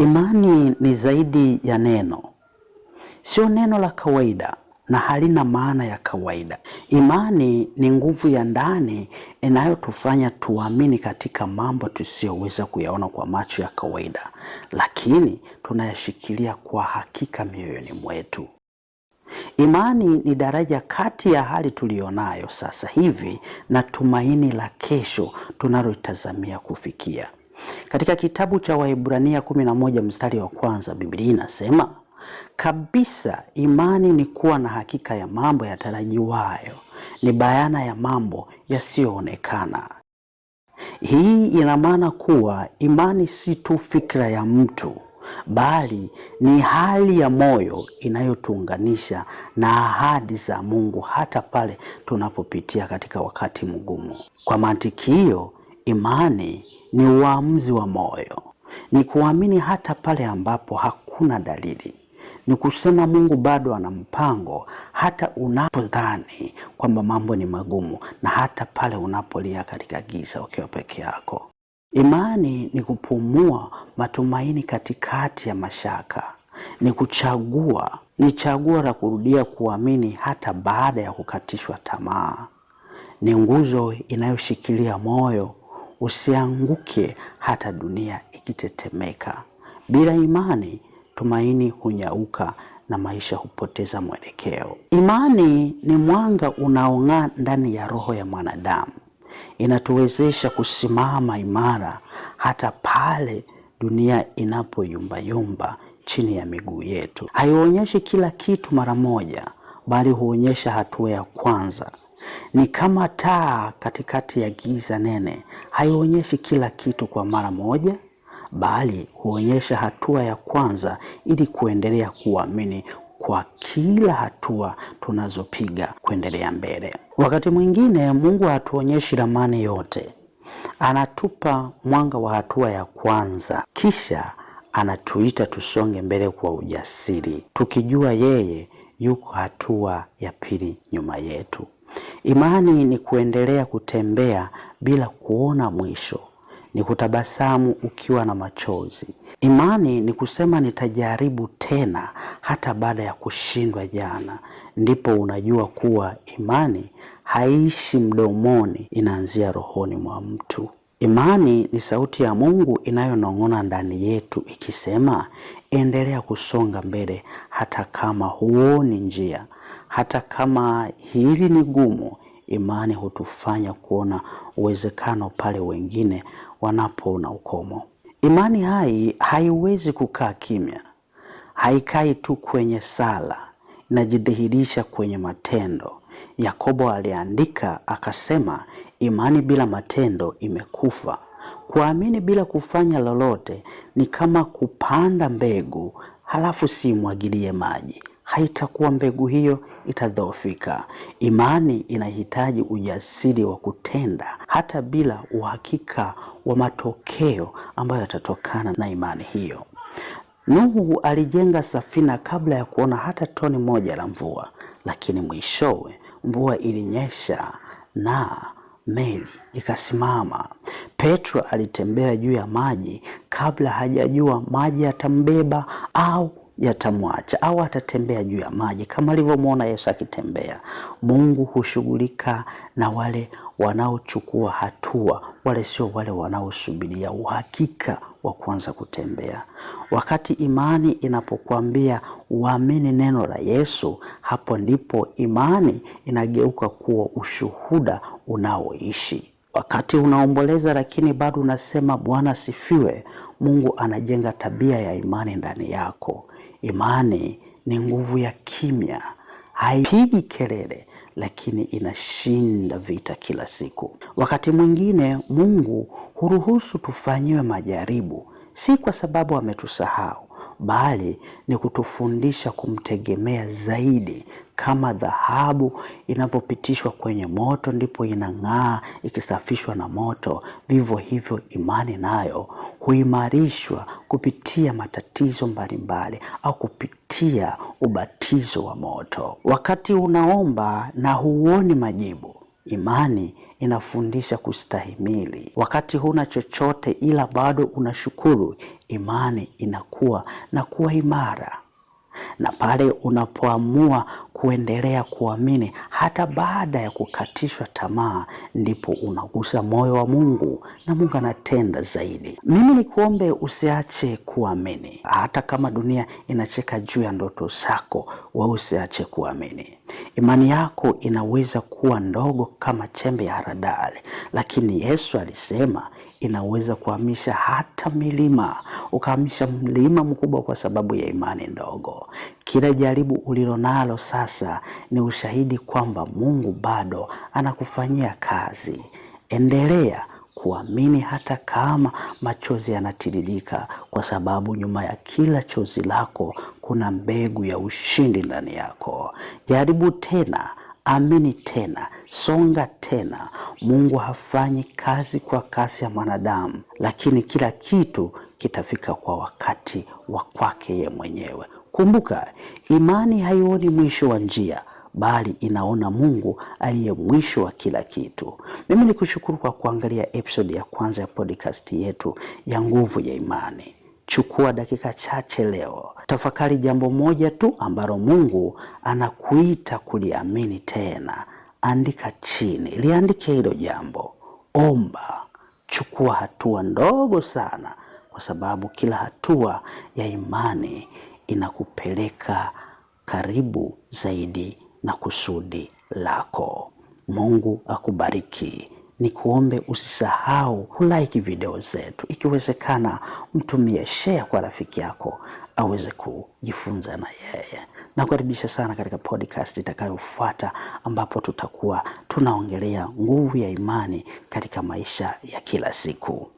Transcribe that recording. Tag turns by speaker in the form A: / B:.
A: Imani ni zaidi ya neno, sio neno la kawaida na halina maana ya kawaida. Imani ni nguvu ya ndani inayotufanya tuamini katika mambo tusiyoweza kuyaona kwa macho ya kawaida, lakini tunayashikilia kwa hakika mioyoni mwetu. Imani ni daraja kati ya hali tuliyonayo sasa hivi na tumaini la kesho tunalotazamia kufikia. Katika kitabu cha Waebrania 11 mstari wa kwanza Biblia inasema kabisa, imani ni kuwa na hakika ya mambo yatarajiwayo, ni bayana ya mambo yasiyoonekana. Hii ina maana kuwa imani si tu fikra ya mtu bali ni hali ya moyo inayotuunganisha na ahadi za Mungu hata pale tunapopitia katika wakati mgumu. Kwa mantiki hiyo, imani ni uamuzi wa moyo, ni kuamini hata pale ambapo hakuna dalili, ni kusema Mungu bado ana mpango hata unapodhani kwamba mambo ni magumu, na hata pale unapolia katika giza ukiwa peke yako. Imani ni kupumua matumaini katikati ya mashaka, ni kuchagua, ni chaguo la kurudia kuamini hata baada ya kukatishwa tamaa. Ni nguzo inayoshikilia moyo usianguke hata dunia ikitetemeka. Bila imani tumaini hunyauka na maisha hupoteza mwelekeo. Imani ni mwanga unaong'aa ndani ya roho ya mwanadamu, inatuwezesha kusimama imara hata pale dunia inapoyumbayumba chini ya miguu yetu. Haionyeshi kila kitu mara moja, bali huonyesha hatua ya kwanza ni kama taa katikati ya giza nene. Haionyeshi kila kitu kwa mara moja, bali huonyesha hatua ya kwanza ili kuendelea kuamini kwa kila hatua tunazopiga kuendelea mbele. Wakati mwingine Mungu hatuonyeshi ramani yote, anatupa mwanga wa hatua ya kwanza, kisha anatuita tusonge mbele kwa ujasiri, tukijua yeye yuko hatua ya pili nyuma yetu. Imani ni kuendelea kutembea bila kuona mwisho, ni kutabasamu ukiwa na machozi. Imani ni kusema nitajaribu tena hata baada ya kushindwa jana. Ndipo unajua kuwa imani haishi mdomoni, inaanzia rohoni mwa mtu. Imani ni sauti ya Mungu inayonong'ona ndani yetu ikisema, endelea kusonga mbele hata kama huoni njia. Hata kama hili ni gumu, imani hutufanya kuona uwezekano pale wengine wanapoona ukomo. Imani hai haiwezi kukaa kimya, haikai tu kwenye sala, inajidhihirisha kwenye matendo. Yakobo aliandika akasema, imani bila matendo imekufa. Kuamini bila kufanya lolote ni kama kupanda mbegu halafu simwagilie maji haitakuwa mbegu hiyo itadhoofika. Imani inahitaji ujasiri wa kutenda hata bila uhakika wa matokeo ambayo yatatokana na imani hiyo. Nuhu alijenga safina kabla ya kuona hata toni moja la mvua, lakini mwishowe mvua ilinyesha na meli ikasimama. Petro alitembea juu ya maji kabla hajajua maji yatambeba au yatamwacha au atatembea juu ya maji kama alivyomwona Yesu akitembea. Mungu hushughulika na wale wanaochukua hatua, wale sio wale wanaosubiria uhakika wa kuanza kutembea. Wakati imani inapokuambia uamini neno la Yesu, hapo ndipo imani inageuka kuwa ushuhuda unaoishi. Wakati unaomboleza lakini bado unasema Bwana sifiwe, Mungu anajenga tabia ya imani ndani yako. Imani ni nguvu ya kimya, haipigi kelele, lakini inashinda vita kila siku. Wakati mwingine Mungu huruhusu tufanyiwe majaribu, si kwa sababu ametusahau, bali ni kutufundisha kumtegemea zaidi. Kama dhahabu inavyopitishwa kwenye moto ndipo inang'aa ikisafishwa na moto, vivyo hivyo imani nayo huimarishwa kupitia matatizo mbalimbali au kupitia ubatizo wa moto. Wakati unaomba na huoni majibu, imani inafundisha kustahimili. Wakati huna chochote ila bado unashukuru, imani inakuwa na kuwa imara, na pale unapoamua kuendelea kuamini hata baada ya kukatishwa tamaa, ndipo unagusa moyo wa Mungu na Mungu anatenda zaidi. Mimi kuombe usiache kuamini, hata kama dunia inacheka juu ya ndoto zako, wewe usiache kuamini. Imani yako inaweza kuwa ndogo kama chembe ya haradali, lakini Yesu alisema inaweza kuhamisha hata milima, ukahamisha mlima mkubwa kwa sababu ya imani ndogo. Kila jaribu ulilonalo sasa ni ushahidi kwamba Mungu bado anakufanyia kazi. Endelea kuamini hata kama machozi yanatiririka, kwa sababu nyuma ya kila chozi lako kuna mbegu ya ushindi ndani yako. Jaribu tena, amini tena, songa tena. Mungu hafanyi kazi kwa kasi ya mwanadamu, lakini kila kitu kitafika kwa wakati wa kwake ye mwenyewe. Kumbuka, imani haioni mwisho wa njia bali inaona Mungu aliye mwisho wa kila kitu. Mimi ni kushukuru kwa kuangalia episodi ya kwanza ya podcast yetu ya Nguvu ya Imani. Chukua dakika chache leo, tafakari jambo moja tu ambalo Mungu anakuita kuliamini tena. Andika chini, liandike hilo jambo, omba, chukua hatua ndogo sana, kwa sababu kila hatua ya imani inakupeleka karibu zaidi na kusudi lako. Mungu akubariki. ni kuombe usisahau kulike video zetu, ikiwezekana mtumie share kwa rafiki yako aweze kujifunza na yeye. Nakukaribisha sana katika podcast itakayofuata, ambapo tutakuwa tunaongelea nguvu ya imani katika maisha ya kila siku.